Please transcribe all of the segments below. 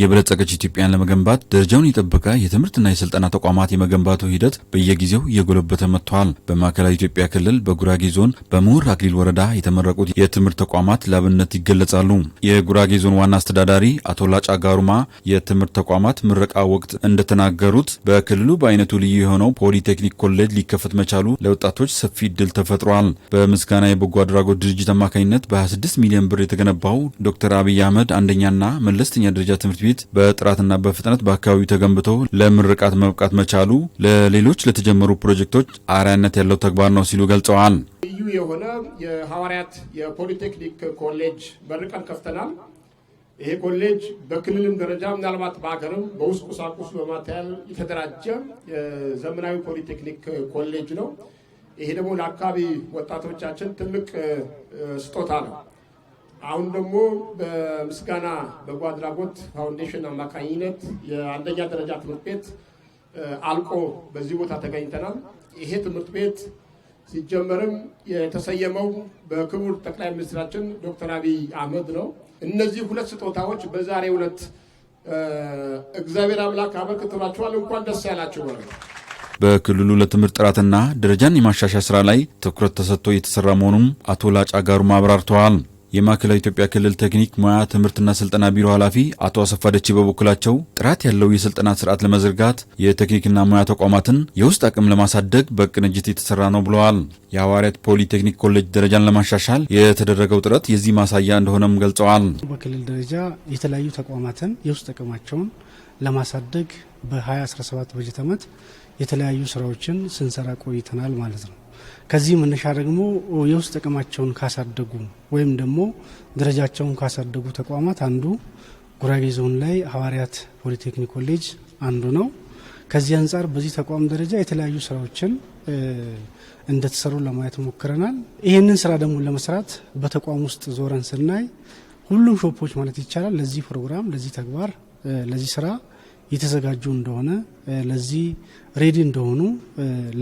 የበለጸገች ኢትዮጵያን ለመገንባት ደረጃውን የጠበቀ የትምህርትና የስልጠና ተቋማት የመገንባቱ ሂደት በየጊዜው እየጎለበተ መጥቷል። በማዕከላዊ ኢትዮጵያ ክልል በጉራጌ ዞን በምሁር አክሊል ወረዳ የተመረቁት የትምህርት ተቋማት ለአብነት ይገለጻሉ። የጉራጌ ዞን ዋና አስተዳዳሪ አቶ ላጫ ጋሩማ የትምህርት ተቋማት ምረቃ ወቅት እንደተናገሩት በክልሉ በአይነቱ ልዩ የሆነው ፖሊቴክኒክ ኮሌጅ ሊከፈት መቻሉ ለወጣቶች ሰፊ እድል ተፈጥሯል። በምስጋና የበጎ አድራጎት ድርጅት አማካኝነት በ26 ሚሊዮን ብር የተገነባው ዶክተር አብይ አህመድ አንደኛና መለስተኛ ደረጃ ትምህርት በፊት በጥራትና በፍጥነት በአካባቢው ተገንብቶ ለምርቃት መብቃት መቻሉ ለሌሎች ለተጀመሩ ፕሮጀክቶች አርአያነት ያለው ተግባር ነው ሲሉ ገልጸዋል። ልዩ የሆነ የሐዋርያት የፖሊቴክኒክ ኮሌጅ በርቀን ከፍተናል። ይሄ ኮሌጅ በክልልም ደረጃ ምናልባት በሀገርም በውስጥ ቁሳቁስ በማታያል የተደራጀ የዘመናዊ ፖሊቴክኒክ ኮሌጅ ነው። ይሄ ደግሞ ለአካባቢ ወጣቶቻችን ትልቅ ስጦታ ነው። አሁን ደግሞ በምስጋና በጎ አድራጎት ፋውንዴሽን አማካኝነት የአንደኛ ደረጃ ትምህርት ቤት አልቆ በዚህ ቦታ ተገኝተናል። ይሄ ትምህርት ቤት ሲጀመርም የተሰየመው በክቡር ጠቅላይ ሚኒስትራችን ዶክተር አብይ አህመድ ነው። እነዚህ ሁለት ስጦታዎች በዛሬ ሁለት እግዚአብሔር አምላክ አበርክቶላችኋል። እንኳን ደስ ያላችሁ በክልሉ ለትምህርት ጥራትና ደረጃን የማሻሻ ስራ ላይ ትኩረት ተሰጥቶ እየተሰራ መሆኑም አቶ ላጫ ጋሩማ አብራርተዋል። የማዕከላዊ ኢትዮጵያ ክልል ቴክኒክ ሙያ ትምህርትና ስልጠና ቢሮ ኃላፊ አቶ አሰፋ ደቼ በበኩላቸው ጥራት ያለው የስልጠና ስርዓት ለመዘርጋት የቴክኒክና ሙያ ተቋማትን የውስጥ አቅም ለማሳደግ በቅንጅት የተሰራ ነው ብለዋል። የሐዋርያት ፖሊቴክኒክ ኮሌጅ ደረጃን ለማሻሻል የተደረገው ጥረት የዚህ ማሳያ እንደሆነም ገልጸዋል። በክልል ደረጃ የተለያዩ ተቋማትን የውስጥ አቅማቸውን ለማሳደግ በ2017 በጀት ዓመት የተለያዩ ስራዎችን ስንሰራ ቆይተናል ማለት ነው። ከዚህ መነሻ ደግሞ የውስጥ ጥቅማቸውን ካሳደጉ ወይም ደግሞ ደረጃቸውን ካሳደጉ ተቋማት አንዱ ጉራጌ ዞን ላይ ሐዋርያት ፖሊቴክኒክ ኮሌጅ አንዱ ነው። ከዚህ አንጻር በዚህ ተቋም ደረጃ የተለያዩ ስራዎችን እንደተሰሩ ለማየት ሞክረናል። ይህንን ስራ ደግሞ ለመስራት በተቋም ውስጥ ዞረን ስናይ ሁሉም ሾፖች ማለት ይቻላል ለዚህ ፕሮግራም፣ ለዚህ ተግባር፣ ለዚህ ስራ የተዘጋጁ እንደሆነ ለዚህ ሬዲ እንደሆኑ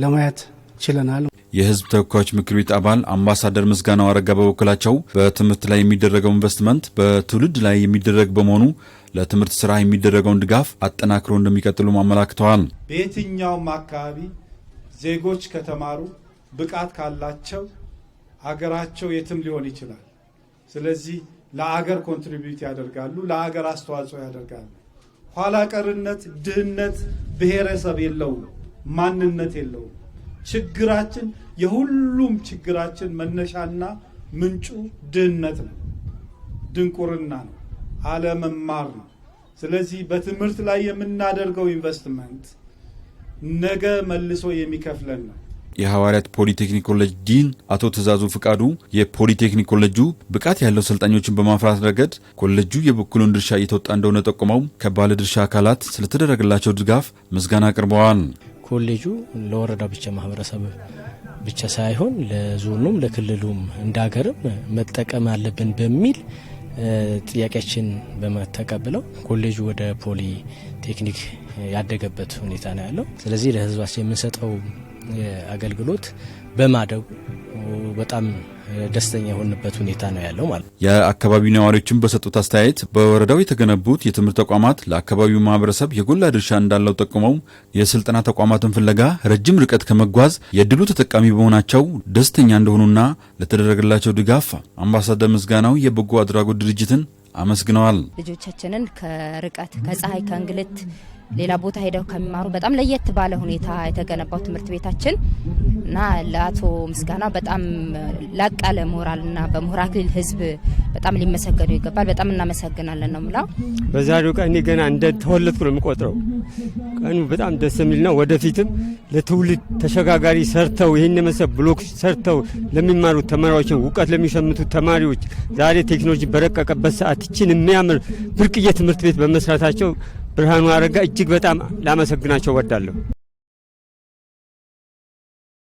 ለማየት ችለናል። የህዝብ ተወካዮች ምክር ቤት አባል አምባሳደር ምስጋናው አረጋ በበኩላቸው በትምህርት ላይ የሚደረገው ኢንቨስትመንት በትውልድ ላይ የሚደረግ በመሆኑ ለትምህርት ስራ የሚደረገውን ድጋፍ አጠናክሮ እንደሚቀጥሉም አመላክተዋል። በየትኛውም አካባቢ ዜጎች ከተማሩ ብቃት ካላቸው አገራቸው የትም ሊሆን ይችላል። ስለዚህ ለአገር ኮንትሪቢዩት ያደርጋሉ፣ ለአገር አስተዋጽኦ ያደርጋሉ። ኋላ ቀርነት፣ ድህነት ብሔረሰብ የለውም፣ ማንነት የለውም። ችግራችን የሁሉም ችግራችን መነሻና ምንጩ ድህነት ነው፣ ድንቁርና ነው፣ አለመማር ነው። ስለዚህ በትምህርት ላይ የምናደርገው ኢንቨስትመንት ነገ መልሶ የሚከፍለን ነው። የሐዋርያት ፖሊቴክኒክ ኮሌጅ ዲን አቶ ትእዛዙ ፍቃዱ የፖሊቴክኒክ ኮሌጁ ብቃት ያለው ሰልጣኞችን በማፍራት ረገድ ኮሌጁ የበኩሉን ድርሻ እየተወጣ እንደሆነ ጠቁመው ከባለ ድርሻ አካላት ስለተደረገላቸው ድጋፍ ምስጋና አቅርበዋል። ኮሌጁ ለወረዳ ብቻ ማህበረሰብ ብቻ ሳይሆን ለዞኑም ለክልሉም እንዳገርም መጠቀም አለብን በሚል ጥያቄያችን በመተቀብለው ኮሌጁ ወደ ፖሊ ቴክኒክ ያደገበት ሁኔታ ነው ያለው። ስለዚህ ለህዝባችን የምንሰጠው አገልግሎት በማደጉ በጣም ደስተኛ የሆንበት ሁኔታ ነው ያለው ማለት የአካባቢው ነዋሪዎችን በሰጡት አስተያየት በወረዳው የተገነቡት የትምህርት ተቋማት ለአካባቢው ማህበረሰብ የጎላ ድርሻ እንዳለው ጠቁመው የስልጠና ተቋማትን ፍለጋ ረጅም ርቀት ከመጓዝ የድሉ ተጠቃሚ በመሆናቸው ደስተኛ እንደሆኑና ለተደረገላቸው ድጋፍ አምባሳደር ምስጋናው የበጎ አድራጎት ድርጅትን አመስግነዋል። ልጆቻችንን ከርቀት ከፀሐይ ከእንግልት ሌላ ቦታ ሄደው ከሚማሩ በጣም ለየት ባለ ሁኔታ የተገነባው ትምህርት ቤታችን እና ለአቶ ምስጋና በጣም ላቅ ያለ ሞራል እና በምሁራ ክልል ህዝብ በጣም ሊመሰገኑ ይገባል። በጣም እናመሰግናለን ነው ምላው። በዛሬው ቀን እኔ ገና እንደተወለድኩ ነው የምቆጥረው። ቀኑ በጣም ደስ የሚል ነው። ወደፊትም ለትውልድ ተሸጋጋሪ ሰርተው ይህን የመሰል ብሎክ ሰርተው ለሚማሩ ተማሪዎችን እውቀት ለሚሸምቱ ተማሪዎች ዛሬ ቴክኖሎጂ በረቀቀበት ሰዓት ይችን የሚያምር ብርቅዬ ትምህርት ቤት በመስራታቸው ብርሃኑ አረጋ እጅግ በጣም ላመሰግናቸው ወዳለሁ።